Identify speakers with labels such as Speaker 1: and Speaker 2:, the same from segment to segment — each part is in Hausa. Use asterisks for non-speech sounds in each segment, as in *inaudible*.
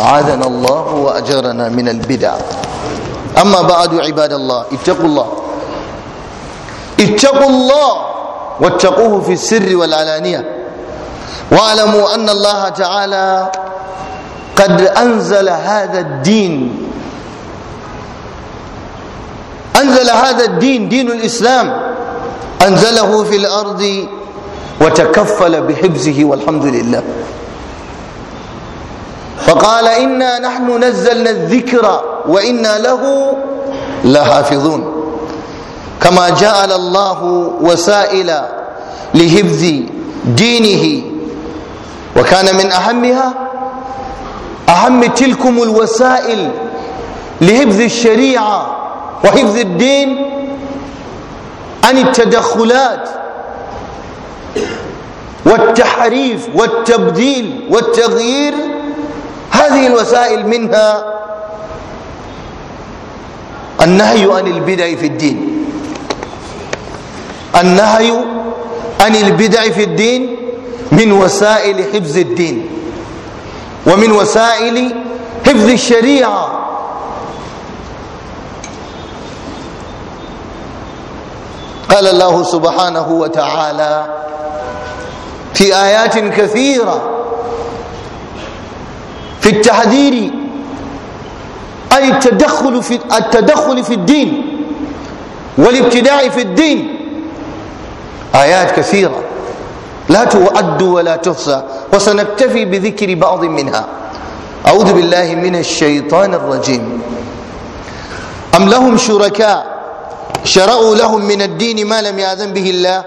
Speaker 1: عاذنا الله وأجرنا من البدع أما بعد عباد الله اتقوا الله اتقوا الله واتقوه في السر والعلانية واعلموا أن الله تعالى قد أنزل هذا الدين أنزل هذا الدين دين الإسلام أنزله في الأرض وتكفل بحفظه والحمد لله فقال إنا نحن نزلنا الذكر وإنا له لحافظون كما جعل الله وسائل لحفظ دينه وكان من أهمها أهم تلكم الوسائل لحفظ الشريعة وحفظ الدين عن التدخلات والتحريف والتبديل والتغيير هذه الوسائل منها النهي عن البدع في الدين النهي عن البدع في الدين من وسائل حفظ الدين ومن وسائل حفظ الشريعه قال الله سبحانه وتعالى في ايات كثيره في التحذير أي التدخل في التدخل في الدين والابتداع في الدين آيات كثيرة لا تؤد ولا تحصى وسنكتفي بذكر بعض منها أعوذ بالله من الشيطان الرجيم أم لهم شركاء شرعوا لهم من الدين ما لم يأذن به الله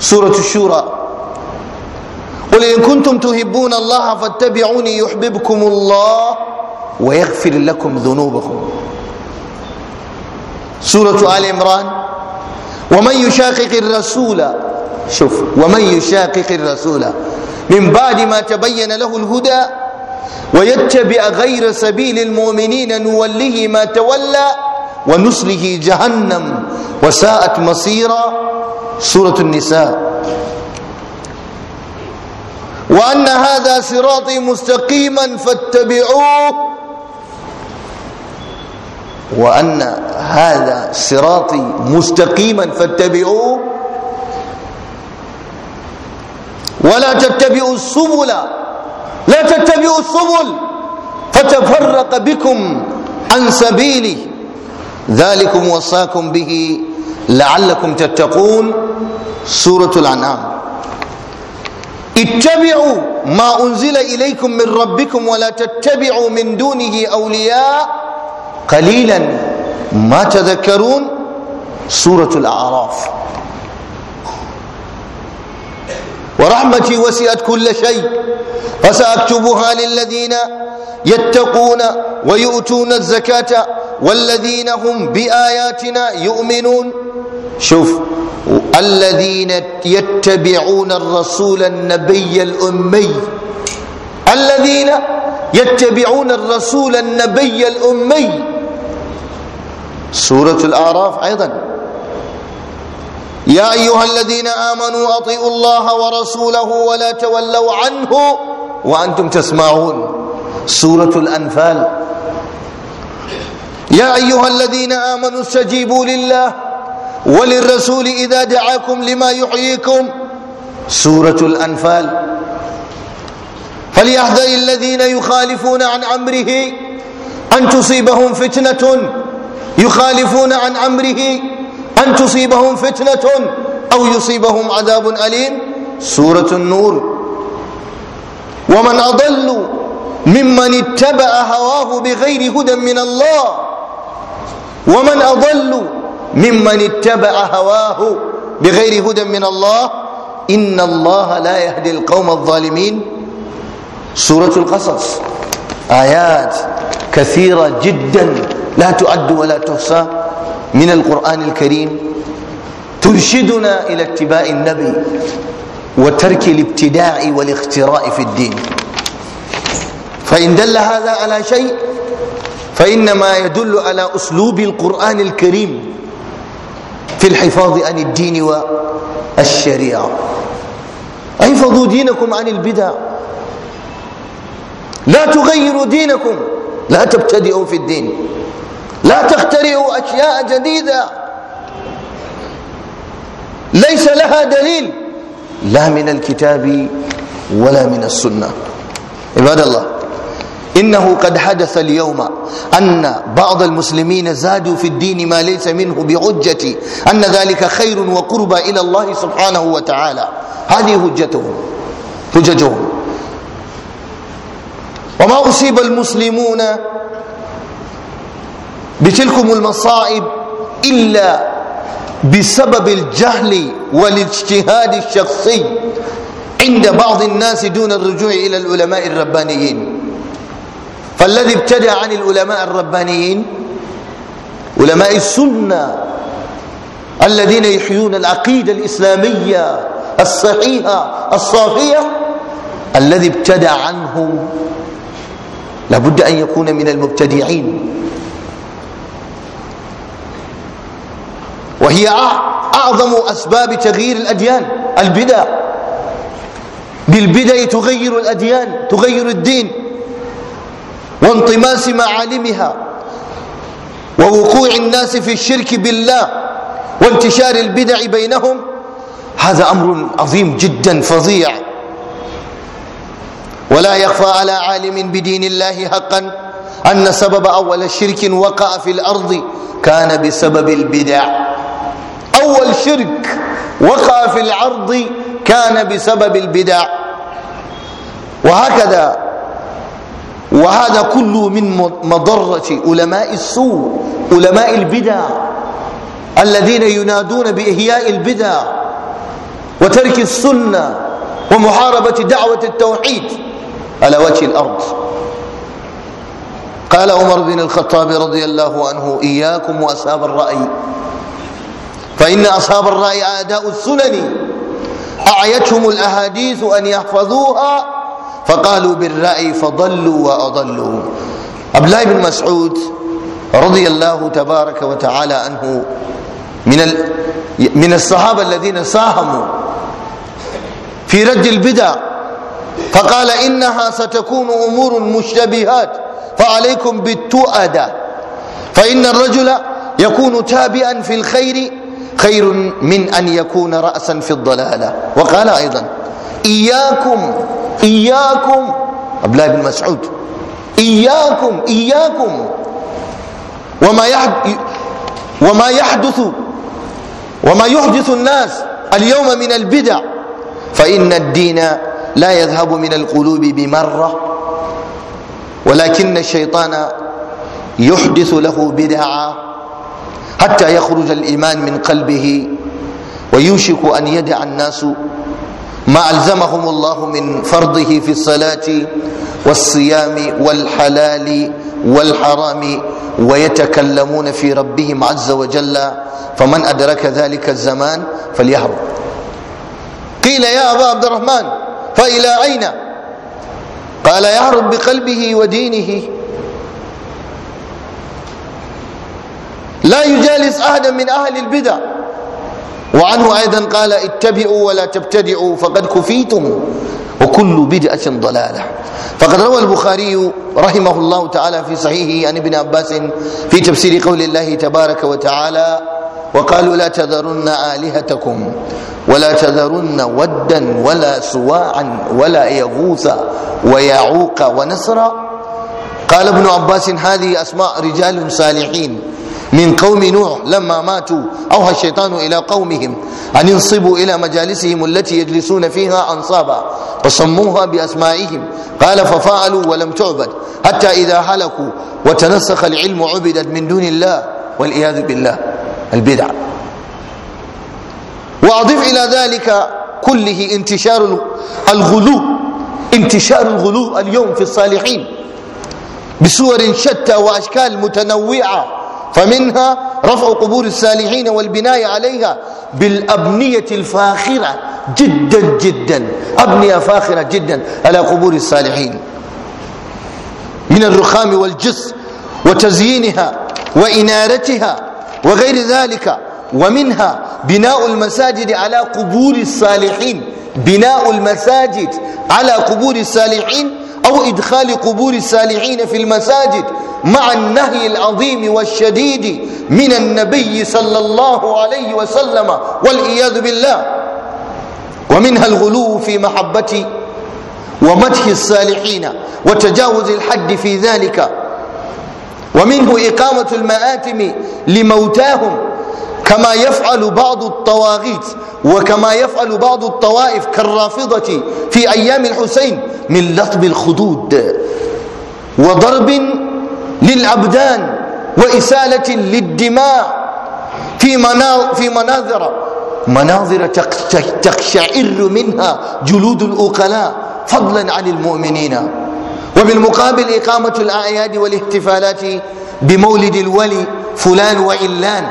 Speaker 1: سورة الشورى قل إن كنتم تحبون الله فاتبعوني يحببكم الله ويغفر لكم ذنوبكم سورة آل عمران ومن يشاقق الرسول شوف ومن يشاقق الرسول من بعد ما تبين له الهدى ويتبع غير سبيل المؤمنين نوله ما تولى ونسله جهنم وساءت مصيرا سورة النساء وأن هذا صراطي مستقيما فاتبعوه وأن هذا صراطي مستقيما فاتبعوه ولا تتبعوا السبل لا تتبعوا السبل فتفرق بكم عن سبيله ذلكم وصاكم به لعلكم تتقون سورة الأنعام اتبعوا ما أنزل إليكم من ربكم ولا تتبعوا من دونه أولياء قليلا ما تذكرون سورة الأعراف ورحمتي وسعت كل شيء فسأكتبها للذين يتقون ويؤتون الزكاة والذين هم باياتنا يؤمنون شوف الذين يتبعون الرسول النبي الامي الذين يتبعون الرسول النبي الامي سوره الاعراف ايضا يا ايها الذين امنوا اطيعوا الله ورسوله ولا تولوا عنه وانتم تسمعون سوره الانفال يا ايها الذين امنوا استجيبوا لله وللرسول اذا دعاكم لما يحييكم سوره الانفال فليحذر الذين يخالفون عن امره ان تصيبهم فتنه يخالفون عن امره ان تصيبهم فتنه او يصيبهم عذاب اليم سوره النور ومن اضل ممن اتبع هواه بغير هدى من الله ومن أضل ممن اتبع هواه بغير هدى من الله إن الله لا يهدي القوم الظالمين سورة القصص آيات كثيرة جدا لا تعد ولا تحصى من القرآن الكريم ترشدنا إلى اتباع النبي وترك الابتداع والاختراع في الدين فإن دل هذا على شيء فإنما يدل على أسلوب القرآن الكريم في الحفاظ عن الدين والشريعة احفظوا دينكم عن البدع لا تغيروا دينكم لا تبتدئوا في الدين لا تخترعوا أشياء جديدة ليس لها دليل لا من الكتاب ولا من السنة عباد الله إنه قد حدث اليوم أن بعض المسلمين زادوا في الدين ما ليس منه بحجة أن ذلك خير وقربى إلى الله سبحانه وتعالى هذه حجتهم حججهم وما أصيب المسلمون بتلكم المصائب إلا بسبب الجهل والاجتهاد الشخصي عند بعض الناس دون الرجوع إلى العلماء الربانيين فالذي ابتدع عن العلماء الربانيين علماء السنة الذين يحيون العقيدة الإسلامية الصحيحة الصافية الذي ابتدع عنهم لابد أن يكون من المبتدعين وهي أعظم أسباب تغيير الأديان البدع بالبدع تغير الأديان تغير الدين وانطماس معالمها ووقوع الناس في الشرك بالله وانتشار البدع بينهم هذا امر عظيم جدا فظيع ولا يخفى على عالم بدين الله حقا ان سبب اول شرك وقع في الارض كان بسبب البدع اول شرك وقع في الارض كان بسبب البدع وهكذا وهذا كله من مضرة علماء السوء علماء البدع الذين ينادون بإحياء البدع وترك السنة ومحاربة دعوة التوحيد على وجه الأرض قال عمر بن الخطاب رضي الله عنه إياكم وأصحاب الرأي فإن أصحاب الرأي أعداء السنن أعيتهم الأحاديث أن يحفظوها فقالوا بالرأي فضلوا وأضلوا عبد الله بن مسعود رضي الله تبارك وتعالى عنه من من الصحابة الذين ساهموا في رد البدع فقال إنها ستكون أمور مشتبهات فعليكم بالتؤدة فإن الرجل يكون تابعا في الخير خير من أن يكون رأسا في الضلالة وقال أيضا إياكم إياكم عبد الله بن مسعود إياكم إياكم وما يحدث وما يحدث وما يحدث الناس اليوم من البدع فإن الدين لا يذهب من القلوب بمرة ولكن الشيطان يحدث له بدعا حتى يخرج الإيمان من قلبه ويوشك أن يدع الناس ما ألزمهم الله من فرضه في الصلاة والصيام والحلال والحرام ويتكلمون في ربهم عز وجل فمن أدرك ذلك الزمان فليهرب قيل يا أبا عبد الرحمن فإلى أين قال يهرب بقلبه ودينه لا يجالس أحدا من أهل البدع وعنه أيضا قال اتبعوا ولا تبتدعوا فقد كفيتم وكل بدعة ضلالة فقد روى البخاري رحمه الله تعالى في صحيحه عن ابن عباس في تفسير قول الله تبارك وتعالى وقالوا لا تذرن آلهتكم ولا تذرن ودا ولا سواعا ولا يغوث ويعوق ونسرا قال ابن عباس هذه أسماء رجال صالحين من قوم نوح لما ماتوا أوهى الشيطان إلى قومهم أن ينصبوا إلى مجالسهم التي يجلسون فيها أنصابا وسموها بأسمائهم قال ففعلوا ولم تعبد حتى إذا هلكوا وتنسخ العلم عبدت من دون الله والعياذ بالله البدع وأضف إلى ذلك كله انتشار الغلو انتشار الغلو اليوم في الصالحين بصور شتى وأشكال متنوعة فمنها رفع قبور الصالحين والبناء عليها بالأبنية الفاخرة جدا جدا أبنية فاخرة جدا على قبور الصالحين من الرخام والجص وتزيينها وإنارتها وغير ذلك ومنها بناء المساجد على قبور الصالحين بناء المساجد على قبور الصالحين أو إدخال قبور السالحين في المساجد مع النهي العظيم والشديد من النبي صلى الله عليه وسلم والعياذ بالله ومنها الغلو في محبة ومدح الصالحين وتجاوز الحد في ذلك ومنه إقامة المآتم لموتاهم كما يفعل بعض الطواغيت وكما يفعل بعض الطوائف كالرافضة في أيام الحسين من لطب الخدود وضرب للأبدان وإسالة للدماء في في مناظر مناظر تقشعر منها جلود الأقلاء فضلا عن المؤمنين وبالمقابل إقامة الأعياد والاحتفالات بمولد الولي فلان وعلان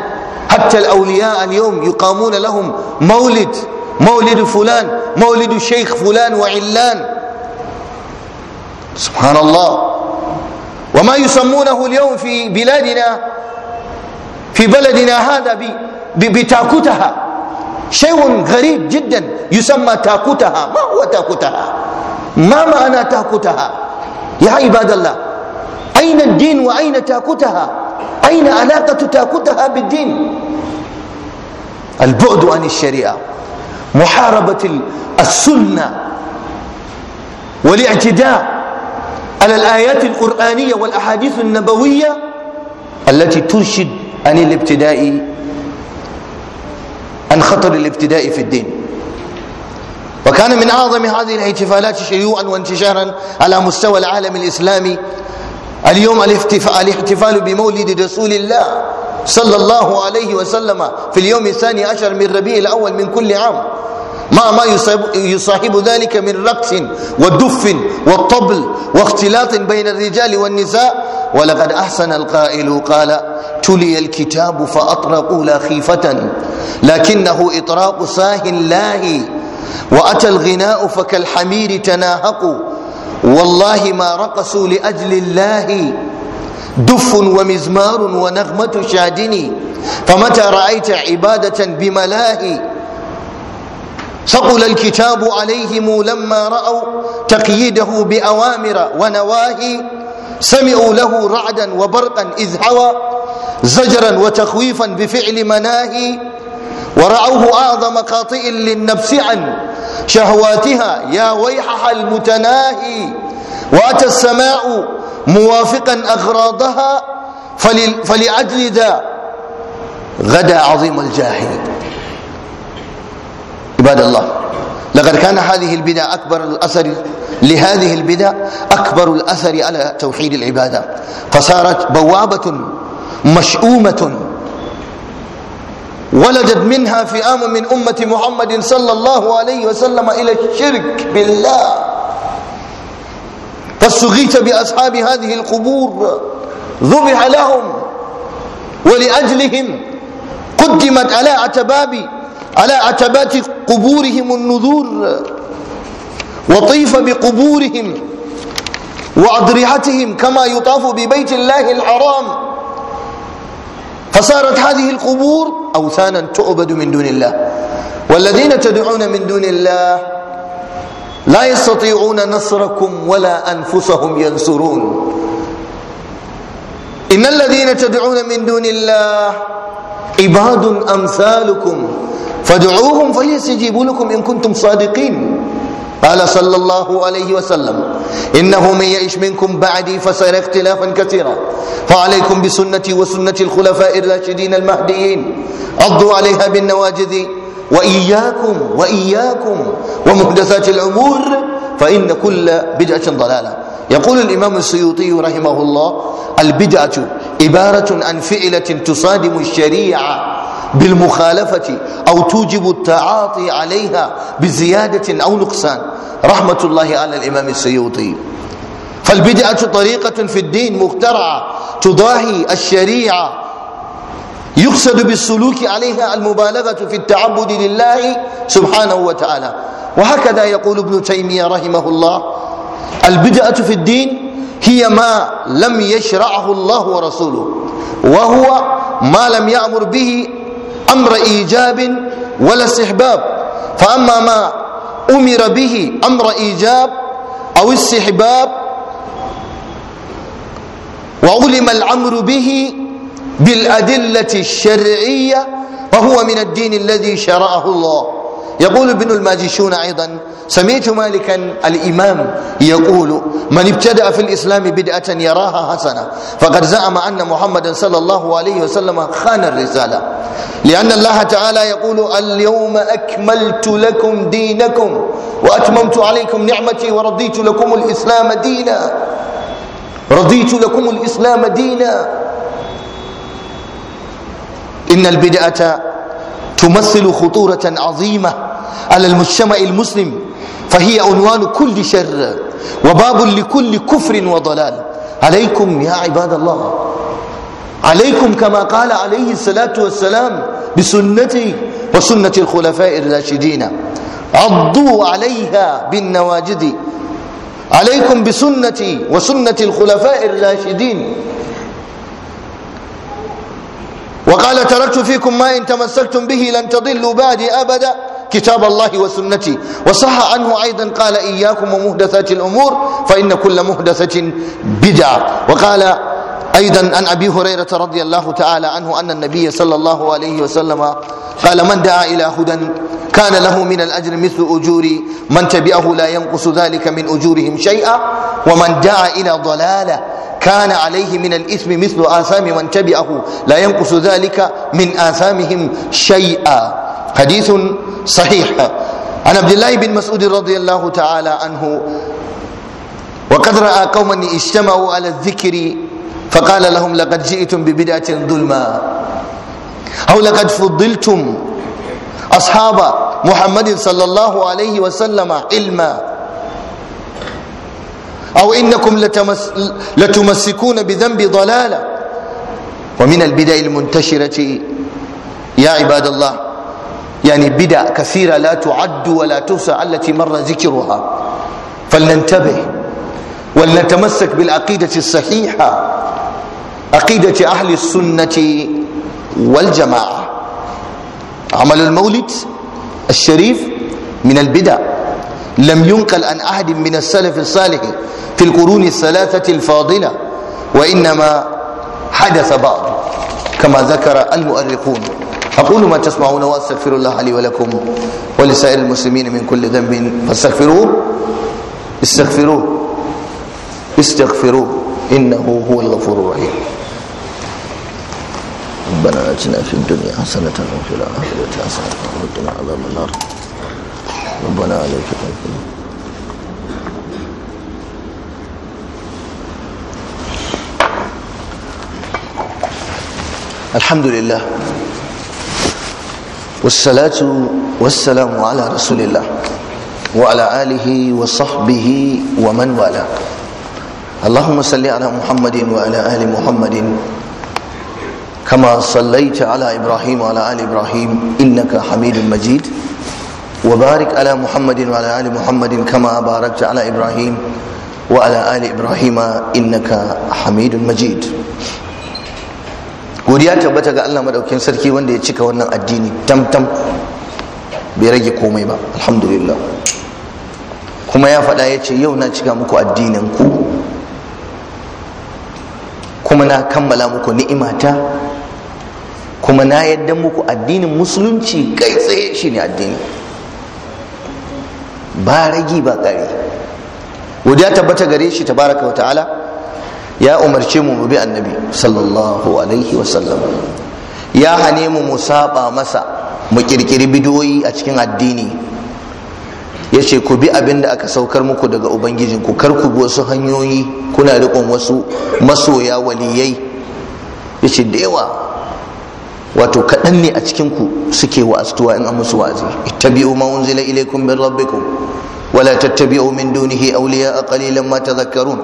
Speaker 1: حتى الأولياء اليوم يقامون لهم مولد مولد فلان مولد شيخ فلان وعلان سبحان الله وما يسمونه اليوم في بلادنا في بلدنا هذا بتاكتها شيء غريب جدا يسمى تاكتها ما هو تاكتها ما معنى تاكتها يا عباد الله أين الدين وأين تاكتها أين علاقة تاكتها بالدين البعد عن الشريعة محاربة السنة والاعتداء على الآيات القرآنية والأحاديث النبوية التي ترشد عن الابتداء عن خطر الابتداء في الدين وكان من أعظم هذه الاحتفالات شيوعا وانتشارا على مستوى العالم الإسلامي اليوم الاحتفال بمولد رسول الله صلى الله عليه وسلم في اليوم الثاني عشر من ربيع الأول من كل عام ما ما يصاحب ذلك من رقص ودف والطبل واختلاط بين الرجال والنساء ولقد أحسن القائل قال تلي الكتاب فأطرقوا لا خيفة لكنه إطراق ساه لاهي وأتى الغناء فكالحمير تناهق والله ما رقصوا لأجل الله دف ومزمار ونغمة شادني فمتى رأيت عبادة بملاهي ثقل الكتاب عليهم لما رأوا تقييده بأوامر ونواهي سمعوا له رعدا وبرقا إذ هوى زجرا وتخويفا بفعل مناهي ورعوه أعظم قاطئ للنفس عن شهواتها يا ويحها المتناهي واتى السماء موافقا اغراضها فلاجل ذا غدا عظيم الجاهل عباد الله لقد كان هذه البدع اكبر الاثر لهذه البدع اكبر الاثر على توحيد العباده فصارت بوابه مشؤومه ولدت منها فئام من أمة محمد صلى الله عليه وسلم إلى الشرك بالله فاستغيث بأصحاب هذه القبور ذبح لهم ولأجلهم قدمت على عتباب على عتبات قبورهم النذور وطيف بقبورهم وأضرحتهم كما يطاف ببيت الله الحرام فصارت هذه القبور أوثانا تعبد من دون الله والذين تدعون من دون الله لا يستطيعون نصركم ولا أنفسهم ينصرون إن الذين تدعون من دون الله عباد أمثالكم فادعوهم فليستجيبوا لكم إن كنتم صادقين قال صلى الله عليه وسلم إنه من يعش منكم بعدي فسيرى اختلافا كثيرا فعليكم بسنتي وسنة الخلفاء الراشدين المهديين عضوا عليها بالنواجذ وإياكم وإياكم ومحدثات الأمور فإن كل بدعة ضلالة يقول الإمام السيوطي رحمه الله البدعة عبارة عن فعلة تصادم الشريعة بالمخالفة أو توجب التعاطي عليها بزيادة أو نقصان رحمة الله على الإمام السيوطي فالبدعة طريقة في الدين مخترعة تضاهي الشريعة يقصد بالسلوك عليها المبالغة في التعبد لله سبحانه وتعالى وهكذا يقول ابن تيمية رحمه الله البدعة في الدين هي ما لم يشرعه الله ورسوله وهو ما لم يأمر به أمر إيجاب ولا استحباب فأما ما أمر به أمر إيجاب أو استحباب وعلم الأمر به بالأدلة الشرعية فهو من الدين الذي شرعه الله يقول ابن الماجشون أيضا سمعت مالكا الإمام يقول من ابتدأ في الإسلام بدعة يراها حسنة فقد زعم أن محمدا صلى الله عليه وسلم خان الرسالة لأن الله تعالى يقول اليوم أكملت لكم دينكم وأتممت عليكم نعمتي ورضيت لكم الإسلام دينا رضيت لكم الإسلام دينا إن البدعة تمثل خطورة عظيمة على المجتمع المسلم فهي عنوان كل شر وباب لكل كفر وضلال عليكم يا عباد الله عليكم كما قال عليه الصلاة والسلام بسنتي وسنة الخلفاء الراشدين عضوا عليها بالنواجد عليكم بسنتي وسنة الخلفاء الراشدين وقال تركت فيكم ما إن تمسكتم به لن تضلوا بعدي أبدا كتاب الله وسنتي وصح عنه أيضا قال إياكم ومهدثات الأمور فإن كل مهدثة بدعة وقال أيضا عن أبي هريرة رضي الله تعالى عنه أن النبي صلى الله عليه وسلم قال من دعا إلى هدى كان له من الأجر مثل أجور من تبعه لا ينقص ذلك من أجورهم شيئا ومن دعا إلى ضلالة كان عليه من الإثم مثل آثام من تبعه لا ينقص ذلك من آثامهم شيئا حديث صحيح عن عبد الله بن مسعود رضي الله تعالى عنه وقد رأى قوما اجتمعوا على الذكر فقال لهم لقد جئتم ببدعة ظلما أو لقد فضلتم أصحاب محمد صلى الله عليه وسلم علما أو إنكم لتمس لتمسكون بذنب ضلالة ومن البدع المنتشرة يا عباد الله يعني بدع كثيرة لا تعد ولا تحصى التي مر ذكرها فلننتبه ولنتمسك بالعقيدة الصحيحة عقيدة أهل السنة والجماعة عمل المولد الشريف من البدع لم ينقل عن أحد من السلف الصالح في القرون الثلاثة الفاضلة وإنما حدث بعض كما ذكر المؤرخون أقول ما تسمعون وأستغفر الله لي ولكم ولسائر المسلمين من كل ذنب فاستغفروه استغفروه استغفروه إنه هو الغفور الرحيم ربنا اتنا في الدنيا حسنة وفي الآخرة حسنة وقنا عذاب النار ربنا عليك توكلنا الحمد لله والصلاة والسلام على رسول الله وعلى آله وصحبه ومن والاه اللهم صل على محمد وعلى آل محمد كما صليت على إبراهيم وعلى آل إبراهيم إنك حميد مجيد وبارك على محمد وعلى آل محمد كما باركت على إبراهيم وعلى آل إبراهيم إنك حميد مجيد godiya tabbata ga Allah madaukin sarki wanda ya cika wannan addini tamtam bai rage komai ba alhamdulillah kuma ya faɗa ya ce yau na cika muku addinin ku kuma na kammala muku ni'imata kuma na yadda muku addinin musulunci kai tsaye shi ne addini ba ragi ba ƙari wadda tabbata gare shi tabaraka wa ta'ala ya umarce mu mu bi annabi sallallahu alaihi wasallam ya hane mu mu saba masa mu kirkiri bidoyi a cikin addini ya ce ku bi abin da aka saukar muku daga ubangijinku kar ku bi wasu hanyoyi kuna riƙon wasu masoya waliyai ya ce da yawa wato kaɗan ne a cikinku suke wa'aztuwa in an musu wa'azi ittabi'u ma unzila ilaykum min rabbikum wala tattabi'u min dunihi awliya qalilan ma tadhakkarun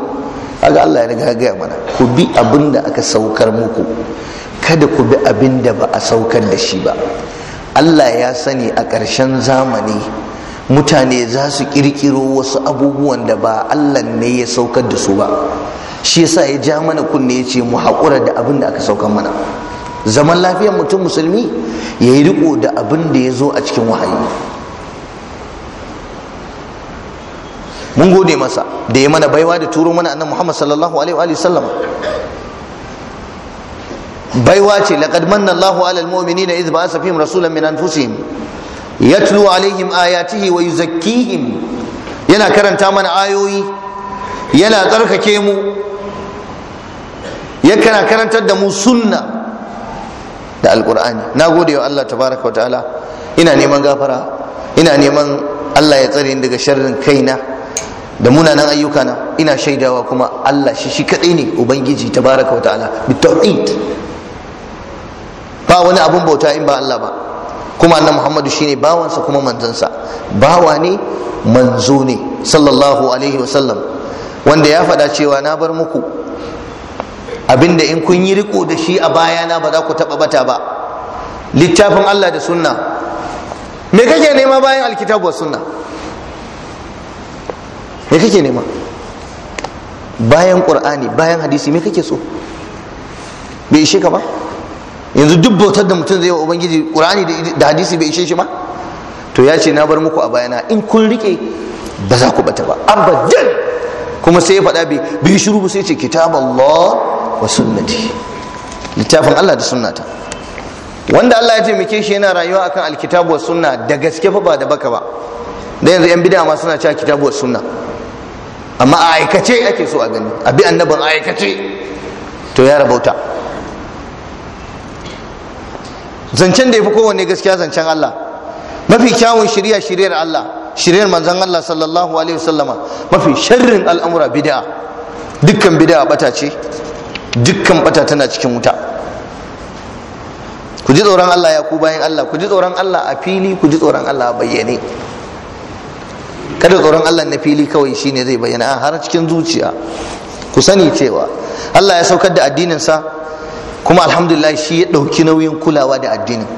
Speaker 1: kaga Allah ya riga gaya mana ku bi abinda aka saukar muku kada ku bi abinda ba a saukar da shi ba Allah ya sani a ƙarshen zamani mutane za su kirkiro wasu abubuwan da ba Allah ne ya saukar da su ba shi yasa ya ja mana kunne ya ce mu haƙura da abinda aka saukar mana zaman lafiyar mutum musulmi ya yi riko da abin da ya zo a cikin wahayi mun gode masa da ya mana baiwa da turo mana annan muhammad sallallahu alaihi wa sallam baiwa ce laqad manna allahu idh ba'atha fihim rasulan min anfusihim yatlu alaihim ayatihi wa yuzakkihim yana karanta mana ayoyi yana tsarkake mu yana karantar da mu sunna da alkur'ani na gode wa Allah tabaraka wa ta'ala ina neman gafara ina neman Allah ya tsare ni daga sharrin kaina da munanan ayyuka na ina shaidawa kuma Allah shi shi kadai ne ubangiji tabaraka wa ta'ala bi ba wani abun bauta in ba Allah ba kuma annabi Muhammadu shine bawansa kuma manzansa bawa ne manzo ne sallallahu alaihi sallam. wanda ya faɗa cewa na bar muku abinda in kun yi riko da shi a bayana ba za ku taɓa bata ba littafin Allah da sunna me kake nema bayan alkitabu wa sunna me kake nema bayan qur'ani bayan hadisi me kake so bai ishe ka ba yanzu duk bautar da mutum zai wa ubangiji qur'ani da hadisi bai ishe shi ba to ya ce na bar muku a bayana in kun rike ba za ku bata ba abadan kuma sai ya faɗa bai shiru sai ce kitab Allah wa sunnati littafin Allah da sunnata wanda Allah ya taimake shi yana rayuwa akan alkitabu wa sunna da gaske fa ba da baka ba da yanzu yan bid'a ma suna cewa kitabu wa sunna amma a aikace ake so a gani a bi annabin aikace to ya rabauta zancen da ya fi kowanne gaskiya zancen Allah mafi kyawun shirya shiryar Allah shiryar manzon Allah sallallahu alaihi wasallama mafi sharrin al'amura bid'a dukkan bid'a bata ce dukkan bata tana cikin wuta ku ji tsoron Allah ya ku bayan Allah ku ji tsoron Allah a fili ku ji tsoron Allah a bayyane kada tsoron Allah na fili kawai shine zai bayyana a har cikin zuciya ku sani cewa Allah ya saukar da addinin sa kuma alhamdulillah shi ya ɗauki nauyin kulawa da addinin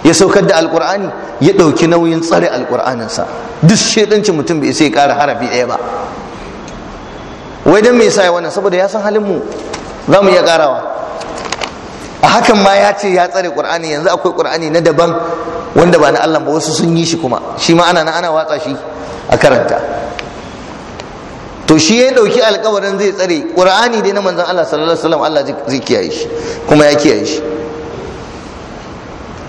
Speaker 1: ya saukar da alkur'ani ya ɗauki nauyin tsare alkur'anin sa duk ci mutum bai sai ya kara harafi ɗaya ba wai dan me sa ya wannan saboda ya san halin mu za mu iya karawa a hakan ma ya ce ya tsare qur'ani yanzu akwai qur'ani na daban wanda ba na Allah ba wasu sun yi shi kuma shi ma ana ana watsa shi a karanta to shi ya dauki alkawarin zai tsare qur'ani dai na manzon Allah sallallahu alaihi wasallam Allah zai kiyaye shi kuma ya kiyaye shi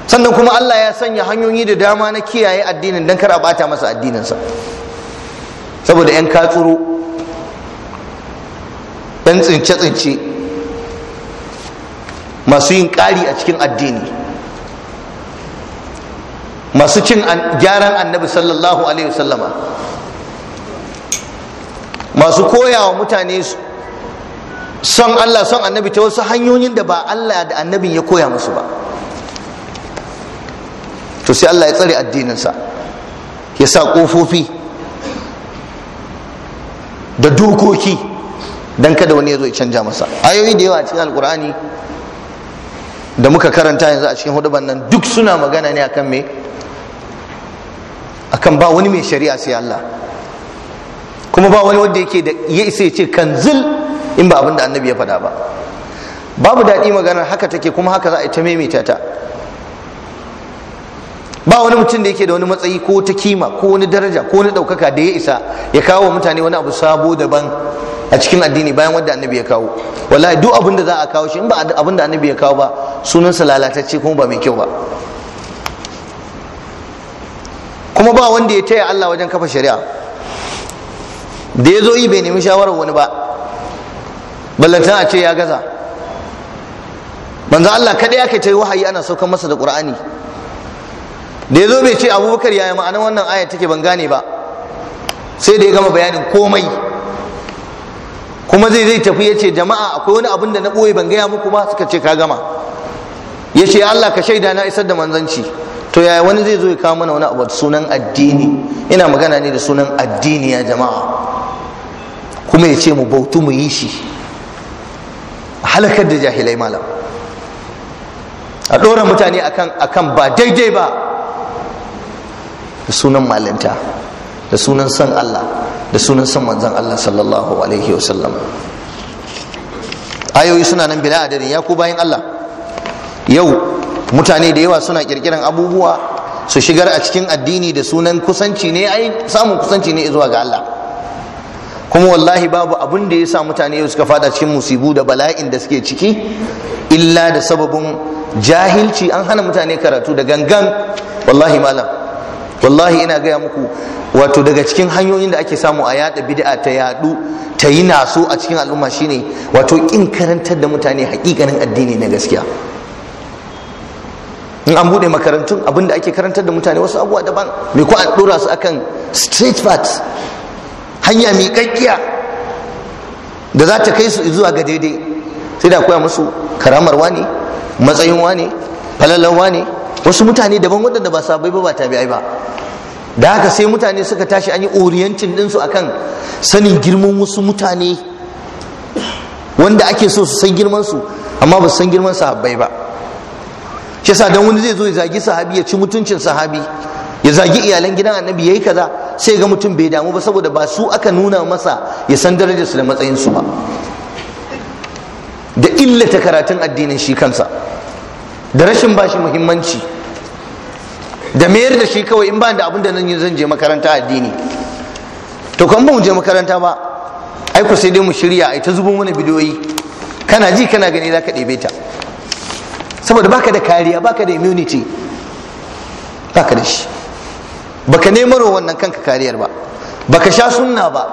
Speaker 1: sannan kuma Allah ya sanya hanyoyi da dama na kiyaye addinin don kar a bata masa addininsa saboda 'yan katsuro 'yan tsince-tsince masu yin ƙari a cikin addini masu cin gyaran annabi sallallahu alaihi wasallama masu koyawa mutane son Allah son annabi ta wasu hanyoyin da ba Allah da annabin ya koya musu ba to sai Allah ya tsare addininsa ya sa ƙofofi da dokoki don kada wani ya zo ya canja masa ayoyi da yawa a cikin alkur'ani da muka karanta yanzu a cikin huduban nan duk suna magana ne akan me akan ba wani mai shari'a sai Allah kuma ba wani wanda yake da ya isa ya ce kanzil in ba abin da annabi ya faɗa ba babu daɗi maganar haka take kuma haka za a yi ta maimaita ta ba wani mutum da yake da wani matsayi ko ta kima ko wani daraja ko wani ɗaukaka da ya isa ya kawo mutane wani abu sabo daban a cikin addini bayan wanda annabi ya kawo wallahi duk abin da za a kawo shi in ba abin da annabi ya kawo ba sunansa lalatacce kuma ba mai kyau ba kuma ba wanda ya taya Allah wajen kafa shari'a da ya zo yi bai nemi shawarar wani ba ballanta a ce ya gaza manzo Allah kada ya kai ta wahayi ana saukar masa da Qur'ani da ya zo bai ce abubakar yaya ma'anar wannan aya take ban gane ba sai da ya gama bayanin komai kuma zai zai tafi ya ce jama'a akwai wani abin da na ɓoye ban gaya muku ba suka ce ka gama ya ce Allah ka shaida na isar da manzanci to yaya wani zai zo ya kawo mana wani abu sunan addini ina magana ne da sunan addini ya jama'a kuma ya ce mu bautu mu yi shi halakar da jahilai malam a ɗora mutane akan ba daidai ba da sunan malinta da sunan san Allah da sunan san manzon Allah sallallahu alaihi wasallam ayoyi suna nan bila adadin ya ku bayan Allah yau mutane da yawa suna kirkiran abubuwa su shigar a cikin addini da sunan kusanci ne ai samun kusanci ne zuwa ga Allah kuma wallahi babu abin da ya sa mutane yau suka fada cikin musibu da bala'in da suke ciki illa da sababin jahilci an hana mutane karatu da gangan wallahi malam wallahi ina gaya muku wato daga cikin hanyoyin da ake samu a yada bid'a ta yadu ta yi naso a cikin al'umma shine wato kin karantar da mutane hakikanin addini na gaskiya in an bude makarantun abinda ake karantar da mutane wasu abubuwa daban mai ko an dora su akan street path hanya miƙaƙƙiya da za ta kai su zuwa ga daidai sai da koya musu karamar wane matsayin wane falalar wane wasu mutane daban waɗanda ba sabai ba ba tabi'ai ba da haka sai mutane suka tashi an yi oriyancin ɗinsu akan sanin girman wasu mutane wanda ake so su san girman su amma ba su san girman sahabbai ba shi yasa dan wani zai zo ya zagi sahabi ya ci mutuncin sahabi ya zagi iyalan gidan annabi ya yi kaza sai ga mutum bai damu ba saboda ba su aka nuna masa ya san darajarsu da matsayinsu ba da illata karatun addinin shi kansa da rashin ba shi muhimmanci da mayar da shi kawai in ba da abin da nan zan je makaranta addini to kan ba mu je makaranta ba ai sai dai mu shirya ai ta zubo mana bidiyoyi kana ji kana gani za ka ɗebe ta saboda baka da kariya baka da immunity baka da shi baka wa wannan kanka kariyar ba baka sha sunna ba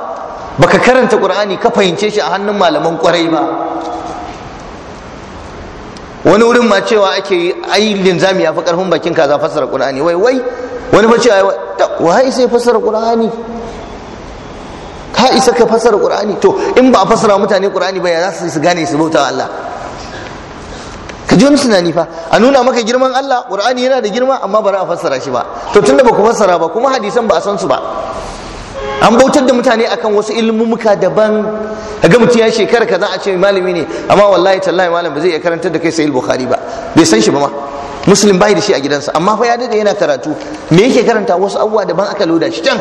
Speaker 1: baka karanta qur'ani ka fahimce shi a hannun malaman kwarai ba wani wurin ma cewa ake yi ai linzami ya fi karfin bakin kaza fassara qur'ani wai wai wani ba cewa wai sai fassara qur'ani ka isa ka fassara qur'ani to in ba a fassara mutane qur'ani ba ya za su gane su bauta Allah ka ji wani tunani fa a nuna maka girman Allah qur'ani yana da girma amma ba za a fassara shi ba to tunda ba ku fassara ba kuma hadisan ba a san su ba an bautar da mutane akan wasu ilmumuka daban ga mutum ya shekara kaza a ce malami ne amma wallahi tallahi malam ba zai iya karantar da kai sahih bukhari ba bai san shi ba ma Musulun bai da shi a gidansa amma fa ya dade yana karatu me yake karanta wasu abubuwa daban aka loda shi can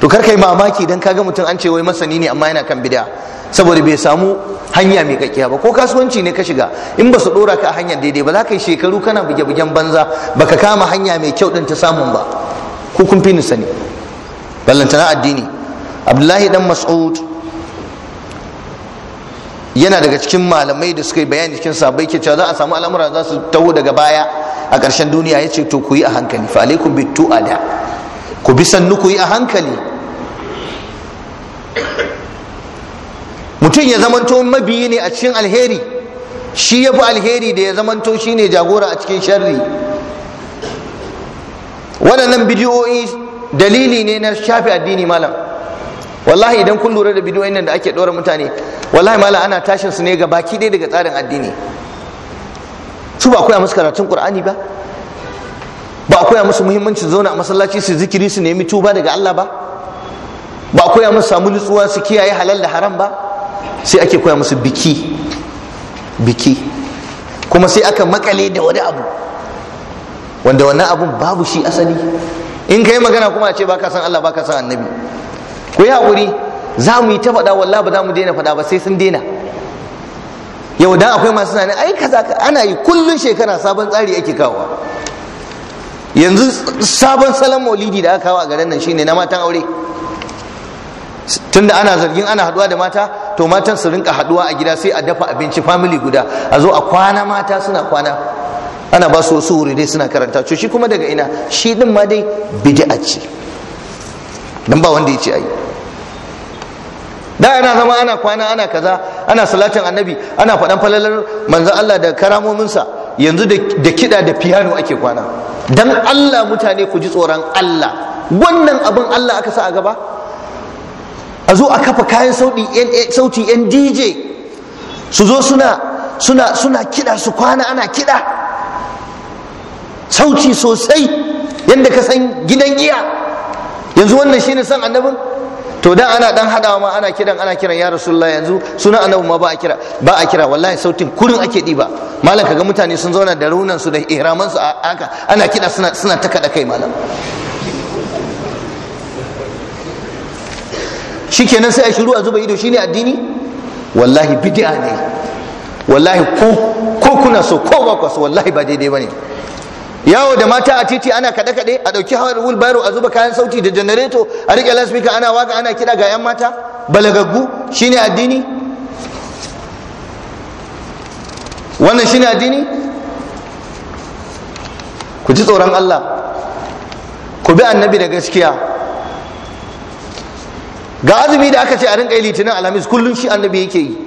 Speaker 1: to kar kai mamaki dan kaga mutum an ce wai masani ne amma yana kan bid'a saboda bai samu hanya mai kakkiya ba ko kasuwanci ne ka shiga in ba su dora ka a hanyar daidai ba za ka yi shekaru kana buge-bugen banza baka kama hanya mai kyau din ta samun ba ko kun fi ni sani ballantana addini abdullahi dan mas'ud yana daga cikin malamai da suka yi bayani cikin sabai ke cewa za a samu al'amura za su taho daga baya a ƙarshen duniya ya ce to ku yi a hankali fa alaikum bi tu'ada ku bi sannu ku yi a hankali mutum ya zamanto mabiyi ne a cikin alheri shi ya fi alheri da ya zamanto shi ne jagora a cikin sharri waɗannan bidiyoyi dalili ne na shafi addini malam wallahi idan kun lura da bidiyoyin nan da ake ɗora mutane wallahi malam ana tashin su ne ga baki ɗaya daga tsarin addini su ba koya musu karatun qur'ani ba ba koya musu muhimmanci zauna a masallaci su zikiri su nemi tuba daga Allah ba ba koya musu samu nutsuwa su kiyaye halal da haram ba sai ake koya musu biki biki kuma sai aka makale da wani abu wanda wannan abun babu shi asali in ka yi magana kuma a ce baka san Allah baka san annabi ku yi haƙuri za mu yi ta faɗa wallahi ba za mu daina faɗa ba sai sun daina yau dan akwai masu tunanin ai kaza ana yi kullun shekara sabon tsari ake kawo yanzu sabon salon maulidi da aka kawo a garin nan shine na matan aure tunda ana zargin ana haduwa da mata to matan su rinka haɗuwa a gida sai a dafa abinci family guda a zo a kwana mata suna kwana ana ba su wasu wuri dai suna karanta to shi kuma daga ina shi din ma dai bid'a ce dan ba wanda ya ce ai da ana zama ana kwana ana kaza ana salatin annabi ana faɗan falalar manzon Allah da karamominsa yanzu da kiɗa da piano ake kwana dan Allah mutane ku ji tsoron Allah wannan abin Allah aka sa a gaba a zo a kafa kayan sauti yan DJ su zo suna suna suna kiɗa su kwana ana kiɗa sauci sosai yadda ka san gidan giya yanzu wannan shine san annabin to dan ana dan hadawa ma ana kiran ana kiran ya rasulullah yanzu sunan annabi ma ba a kira ba a kira wallahi sautin kurin ake diba malam kaga mutane sun zauna da raunan su da ihraman su haka ana kida suna suna ta kada kai malam shikenan sai a shiru a zuba ido shine addini wallahi bid'a ne wallahi ko ko kuna so ko ba ku so wallahi ba daidai bane yawo da mata a titi ana kaɗe kaɗe a ɗauki hawar wheelbarrow a zuba kayan sauti da janareto a riƙe lansfika ana waka ana kiɗa ga 'yan mata balagaggu shine addini wannan shine addini ku ji tsoron Allah ku bi annabi da gaskiya ga azumi da aka ce a rinƙa yi litinin alhamis kullum shi annabi yake yi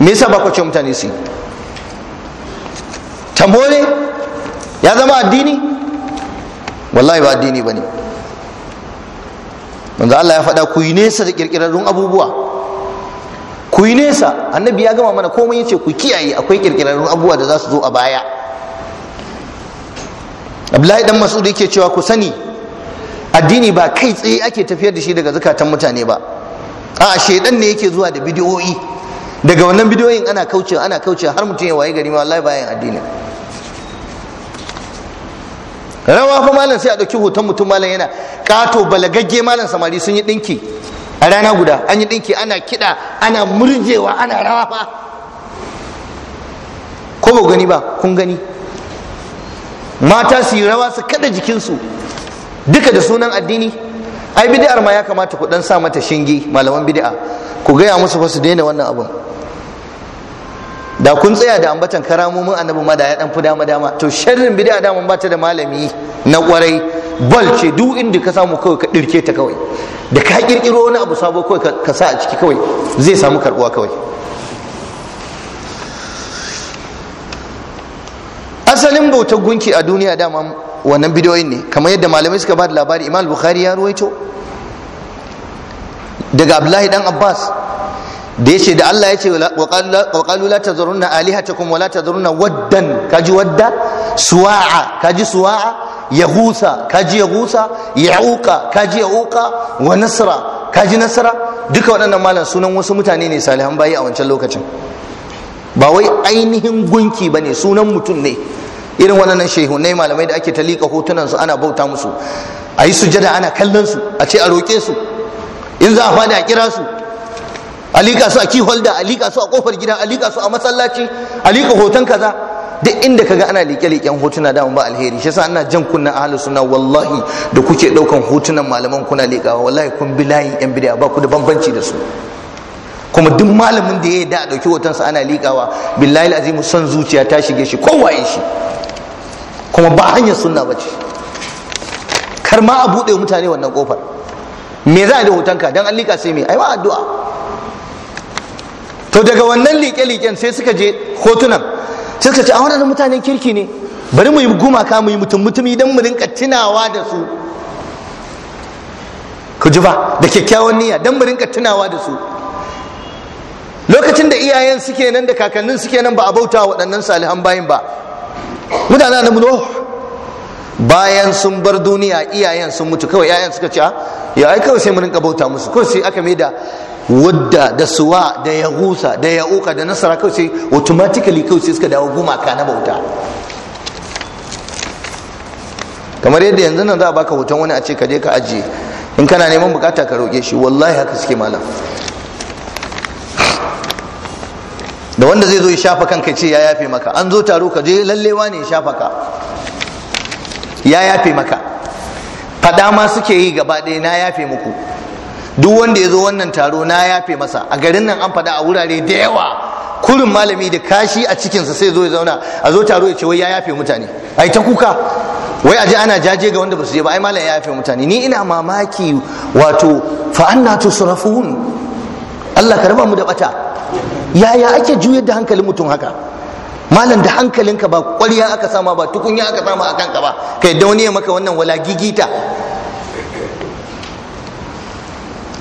Speaker 1: me yasa ba ku ce mutane su tambo ya zama addini wallahi ba addini bane wanda Allah ya faɗa ku yi nesa da kirkirarrun abubuwa ku yi nesa annabi ya gama mana komai ya ce ku kiyaye akwai kirkirarrun abubuwa da za su zo a baya Abdullahi dan da yake cewa ku sani addini ba kai tsaye ake tafiyar da shi daga zukatan mutane ba a shaidan ne yake zuwa da bidiyoyi daga wannan bidiyoyin ana kaucewa ana kaucewa har mutum ya waye gari ma wallahi bayan addini rawa fa malam sai a ɗauki hoton mutum malam yana Kato balagagge malam samari sun yi ɗinki a rana guda an yi ɗinki ana kiɗa ana murjewa ana rawa fa ko ba gani ba kun gani mata su yi rawa su kada jikinsu duka da sunan addini ai bid'ar ma ya kamata ku ɗan sa mata shinge malaman bid'a ku gaya musu fa su daina wannan abun da kun tsaya da ambatan karamomin annabi ma da ya dan fi dama dama to sharrin bid'a da mun bata da malami na kwarai bal ce duk inda ka samu kawai ka dirke ta kawai da ka kirkiro wani abu sabo kawai ka sa a ciki kawai zai samu karbuwa kawai asalin bautar gunki a duniya dama wannan bidiyoyin ne kamar yadda malamai suka ba da labari imam bukhari ya ruwaito daga abdullahi dan abbas da ya ce da Allah ya ce wa qalu aliha tazurunna kuma wa la na waddan kaji wadda suwa'a kaji suwa'a yahusa kaji yahusa yauka kaji ya'uqa wa nasra kaji nasara duka waɗannan malam sunan wasu mutane ne salihan bayi a wancan lokacin ba wai ainihin gunki ba ne sunan mutum ne irin waɗannan shehunai malamai da ake ta liƙa hotunansu ana bauta musu a yi sujada ana kallon su a ce a roƙe su in za a faɗi a kira su alika su a kiholda alika su a kofar gida alika su a masallaci alika hoton kaza duk inda kaga ana liƙe liƙen hotuna da ba alheri shi yasa ana jan kunna ahlus sunna wallahi da kuke daukan hotunan malaman kuna liƙawa wallahi kun bi layin yan bid'a ba ku da bambanci da su kuma duk malamin da ya da a dauki hotonsa ana liƙawa billahi azimu son zuciya ta shige shi waye shi kuma ba hanyar sunna bace kar ma a buɗe mutane wannan kofar me za a da hotonka dan an liƙa sai me ai ba addu'a to daga wannan liƙe-liƙen sai suka je hotunan sai suka ce a wannan mutanen kirki ne bari mu yi gumaka mu yi mutum mutumi don mu rinka tunawa da su ku ji ba da kyakkyawan niyya don mu rinka tunawa da su lokacin da iyayen suke nan da kakannin suke nan ba a bauta waɗannan salihan bayin ba mutanen na nuh bayan sun bar duniya iyayen sun mutu kawai iyayen suka ce ah, ya ai kawai sai mu rinka bauta musu kawai sai aka da wadda da suwa da ya gusa da ya uka da nasara kawai sai automatically kawai sai suka dawo gumaka na bauta kamar yadda yanzu nan za a baka hoton wani a ce ka je ka ajiye in kana neman bukata ka roƙe shi wallahi haka suke malam da wanda zai zo ya shafa kanka ce ya yafe maka an zo taro ka je lallewa ne ya shafa ka ya yafe maka fada ma suke yi gaba ɗaya na yafe muku duk wanda ya zo wannan taro na yafe masa a garin nan an faɗa a wurare da yawa kurin malami da kashi a cikinsa sai zo ya zauna a zo taro ya ce wai ya yafe mutane ai ta kuka wai aji ana jaje ga wanda ba su je ba ai malam ya yafe mutane ni ina mamaki wato fa anna tusrafun Allah ka raba mu da bata yaya ake juyar da hankalin mutum haka malam da hankalinka ba ƙwarya aka sama ba tukunya aka sama a kanka ba ka yadda wani ya maka wannan wala gigita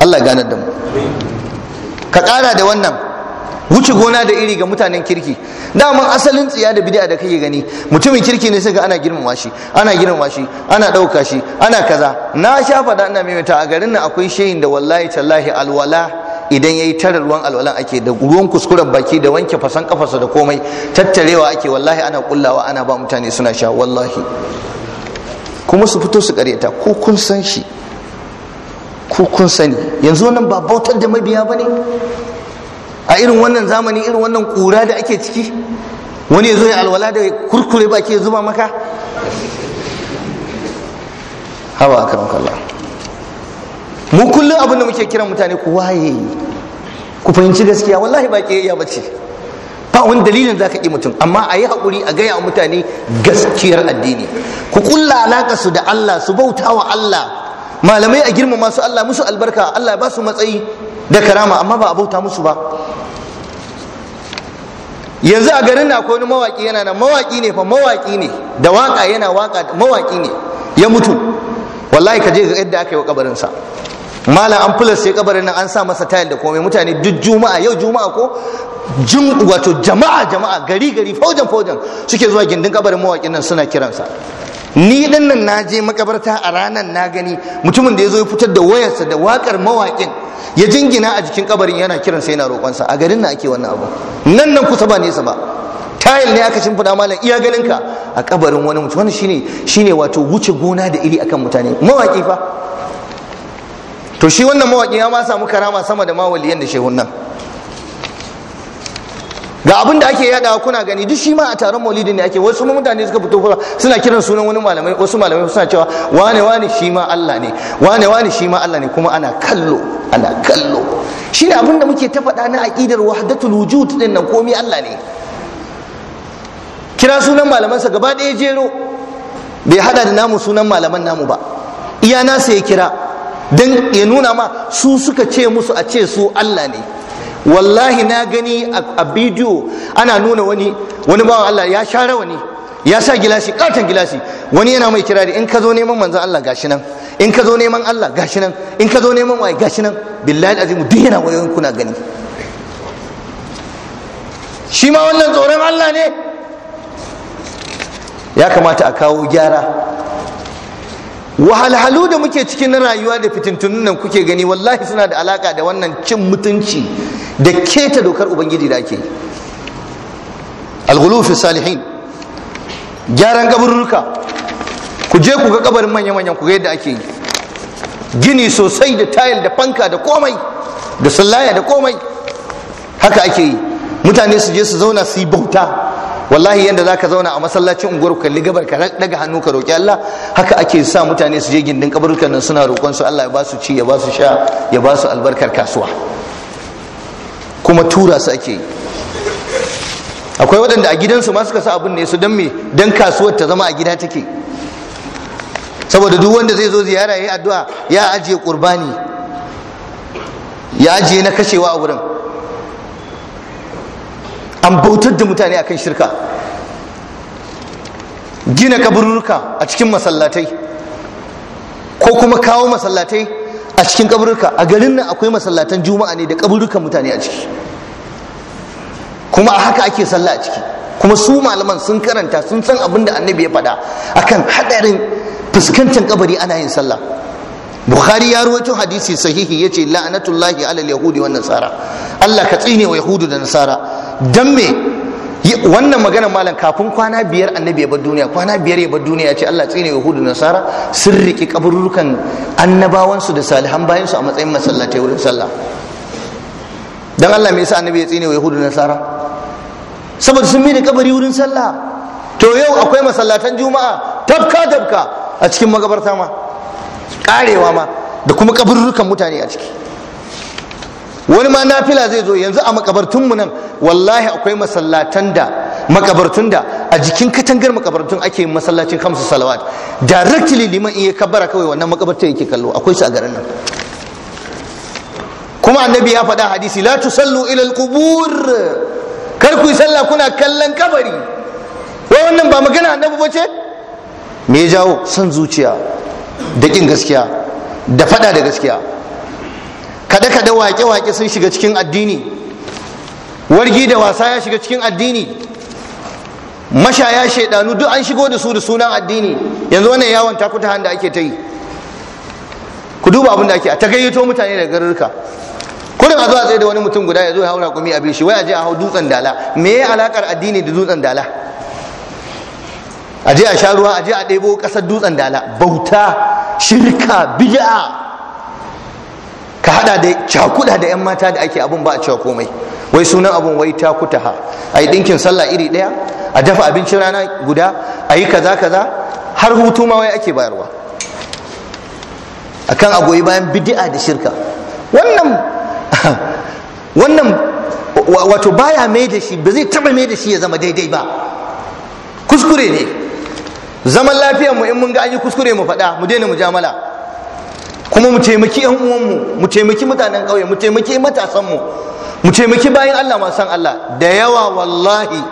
Speaker 1: Allah ya da mu ka kara da wannan wuce gona da iri ga mutanen kirki daman asalin tsiya da bid'a da kake gani mutumin kirki ne sai ana girmama shi ana girmama shi ana ɗauka shi ana kaza na sha faɗa ina maimaita a garin nan akwai shehin da wallahi tallahi alwala idan yayi tara ruwan alwala ake da ruwan kuskuren baki da wanke fasan kafarsa da komai tattarewa ake wallahi ana kullawa ana ba mutane suna sha wallahi kuma su fito su kareta ko kun san shi ku kun sani yanzu wannan ba bautar da mabiya ba ne a irin wannan zamani irin wannan kura da ake ciki wani ya zo ya alwala da kurkure baki ya zuba maka hawa a kalla mu kullum abin da muke kiran mutane ku waye ku fahimci gaskiya wallahi ba ke yaya ba wani dalilin za ka ƙi mutum amma a yi haƙuri a gaya wa mutane gaskiyar addini ku kulla alaƙa su da Allah su bauta wa Allah malamai a girmama su Allah musu albarka Allah ba su matsayi da karama amma ba a bauta musu ba yanzu a garin na wani mawaki yana nan mawaki ne fa mawaki ne da waka yana waka mawaki ne ya mutu wallahi ka je ga yadda aka yi wa sa malam an fulas sai kabarin nan an sa masa tayil da komai mutane duk juma'a yau juma'a ko jin wato jama'a jama'a gari gari faujan faujan suke zuwa gindin kabarin mawakin nan suna kiransa ni dinnan na je makabarta a ranar na gani mutumin da ya zo ya fitar da wayarsa da wakar mawaƙin ya jingina a jikin kabarin yana kiran kiransa yana roƙonsa a garin na ake wannan abu nan nan kusa ba nesa ba tayil ne aka shimfiɗa malam iya ganin ka a kabarin wani mutum wani shine shine wato wuce gona da iri akan mutane mawaƙi fa to shi wannan mawaƙi ya ma samu karama sama da mawaliyan da shehun nan ga abin da ake yadawa kuna gani duk shi ma a taron maulidi ne ake wasu mutane suka fito fura suna kiran sunan wani malamai wasu malamai suna cewa wane wane shi ma Allah ne wane wane shi ma Allah ne kuma ana kallo ana kallo shi ne abin da muke ta faɗa na aqidar wahdatul wujud din nan komai Allah ne kira sunan malamansa gaba ɗaya jero bai hada da namu sunan malaman namu ba iya nasa ya kira don ya nuna ma su suka ce musu a ce su Allah ne wallahi na gani a bidiyo ana nuna wani wani bawan Allah ya sha rawani ya sa gilashi katon gilashi wani yana mai kirari in ka zo neman manzon Allah gashi nan in ka zo neman Allah gashi nan in ka zo neman wai gashi nan billahi azimu duk yana wayoyin kuna gani shi ma wannan tsoron Allah ne ya kamata a kawo gyara wahalhalu da muke cikin na rayuwa da fitintunin nan kuke gani wallahi suna da alaka da wannan cin mutunci da keta dokar ubangiji da ake alghulufi salihin gyaran kaburruka ku je ku ga kabarin manya-manyan ku ga yadda ake yi gini sosai da tayil da fanka da komai da sallaya da komai haka ake yi mutane su je su zauna su yi bauta wallahi yanda ka zauna a masallacin unguwar kalli gabar ka daga hannu ka roki Allah haka ake sa mutane su je gindin kaburukan nan suna roƙon su Allah ya ba su ci ya ba su sha ya ba su albarkar kasuwa kuma tura su ake akwai waɗanda a gidansu ma suka sa abin ne su dan me dan kasuwar ta zama a gida take saboda duk wanda zai zo ziyara yayi addu'a ya ajiye qurbani ya ajiye na kashewa a wurin an bautar da mutane akan shirka gina kaburruka a cikin masallatai ko kuma kawo masallatai a cikin kaburruka a garin nan akwai masallatan juma'a ne da kaburrukan mutane a ciki kuma a haka ake sallah a ciki kuma su malaman sun karanta sun san abin da annabi ya faɗa akan haɗarin fuskantar kabari ana yin sallah bukhari ya ruwaito hadisi sahihi yace la'anatullahi alal yahudi wan nasara Allah ka tsine wa yahudu da nasara don me wannan magana malam kafin kwana biyar annabi ya bar duniya kwana biyar ya bar duniya ce Allah tsine yahudu nasara sun riki kaburukan annabawansu da salihan bayansu a matsayin masallatai wurin sallah dan Allah me yasa annabi ya tsine yahudu nasara saboda sun mai kabari wurin sallah to yau akwai masallatan juma'a tabka tabka a cikin magabarta ma karewa ma da kuma kaburukan mutane a ciki wani ma na fila zai zo yanzu a makabartunmu nan wallahi akwai masallatan da makabartun da a jikin katangar makabartun ake yin masallacin kamsu salawat directly liman iya kabbara kawai wannan makabartun yake kallo akwai su a garin nan kuma annabi ya faɗa hadisi la tusallu ila alqubur kar ku yi sallah kuna kallon kabari wai wannan ba magana annabi ce?" me ya jawo son zuciya da kin gaskiya da faɗa da gaskiya kada-kada wake-wake sun shiga cikin addini wargi da wasa ya shiga cikin addini mashaya shaidanu duk an shigo da su da sunan addini yanzu wannan yawon takuta da ake ta yi ku duba abin da ake a ta gayyato mutane daga garurka. kurin a zuwa tsaye da wani mutum guda ya zo ya haura kumi abin shi wai a je a hau dutsen dala me ya alakar addini da dutsen dala a je a sha ruwa a je a ɗebo ƙasar dutsen dala bauta shirka bid'a ka hada da cakuda da yan mata da ake abun ba a cewa komai wai sunan abun wai ta ha a yi ɗinkin sallah iri daya a dafa abincin rana guda a yi kaza kaza har hutu ma wai ake bayarwa akan a goyi bayan bid'a da shirka wannan *laughs* wannan wato baya mai da shi ba zai taba mai da shi ya zama daidai ba kuskure ne zaman lafiyar mu in mun ga an yi kuskure mu faɗa mu daina mujamala kuma mu taimaki yan uwanmu mu taimaki mutanen ƙauye mu taimaki matasanmu mu taimaki bayan Allah masu san Allah da yawa wallahi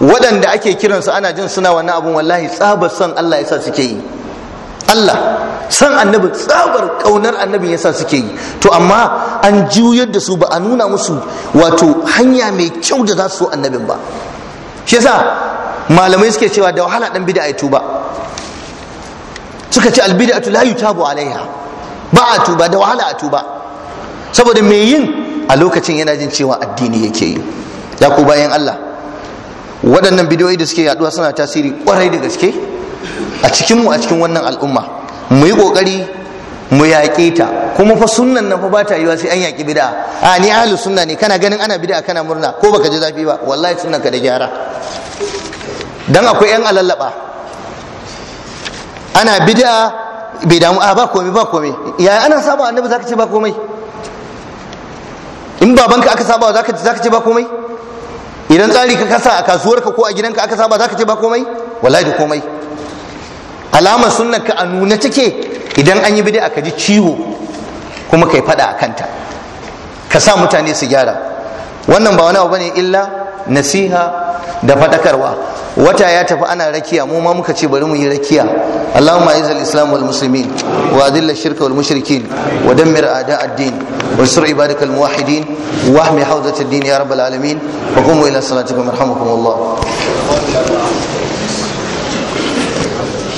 Speaker 1: waɗanda ake kiransu ana jin suna wannan abun wallahi tsabar san Allah yasa suke yi Allah san annabi tsabar kaunar annabi yasa suke yi to amma an juyar da su ba a nuna musu wato hanya mai kyau da za su so annabin ba shi yasa malamai suke cewa da wahala dan bid'a ya tuba suka ce albid'atu la yutabu alaiha ba a tuba da wahala a tuba saboda mai yin a lokacin yana jin cewa addini yake yi ya ku bayan Allah waɗannan bidiyoyi da suke yaduwa suna tasiri kwarai da gaske a cikin mu a cikin wannan al'umma mu yi kokari mu yaƙe ta kuma fa sunnan nan fa ba ta yiwa sai an yaƙi bid'a a ni ahlus sunna ne kana ganin ana bid'a kana murna ko baka ji zafi ba wallahi sunnan ka da gyara dan akwai yan alallaba ana bid'a bai damu a ba komai ba komai yaya ana saba annabi zaka ce ba komai in babanka aka saba zaka zaka ce ba komai idan tsari ka kasa a kasuwar ka ko a gidanka aka saba zaka ce ba komai wallahi da komai alamar sunnar ka a nuna take idan an yi bid'a ka ji ciwo kuma kai fada a kanta ka sa mutane su gyara wannan ba wani abu bane illa nasiha da fadakarwa wata ya tafi ana rakiya mu ma muka ce bari mu yi rakiya Allahumma izal islam wal muslimin wa adilla shirka wal mushrikin wa dammir a'da ad-din wa sur ibadakal muwahhidin wa ahmi hawzat ad-din ya rabbal alamin wa qumu ila salatikum yarhamukum